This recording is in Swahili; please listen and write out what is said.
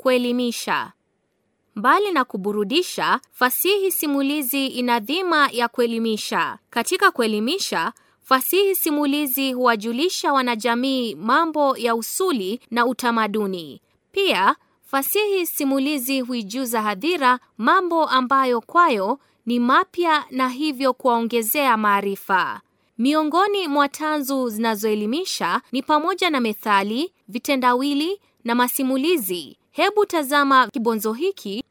Kuelimisha. Mbali na kuburudisha, fasihi simulizi ina dhima ya kuelimisha. Katika kuelimisha, fasihi simulizi huwajulisha wanajamii mambo ya usuli na utamaduni. Pia, fasihi simulizi huijuza hadhira mambo ambayo kwayo ni mapya na hivyo kuwaongezea maarifa. Miongoni mwa tanzu zinazoelimisha ni pamoja na methali, vitendawili na masimulizi. Hebu tazama kibonzo hiki.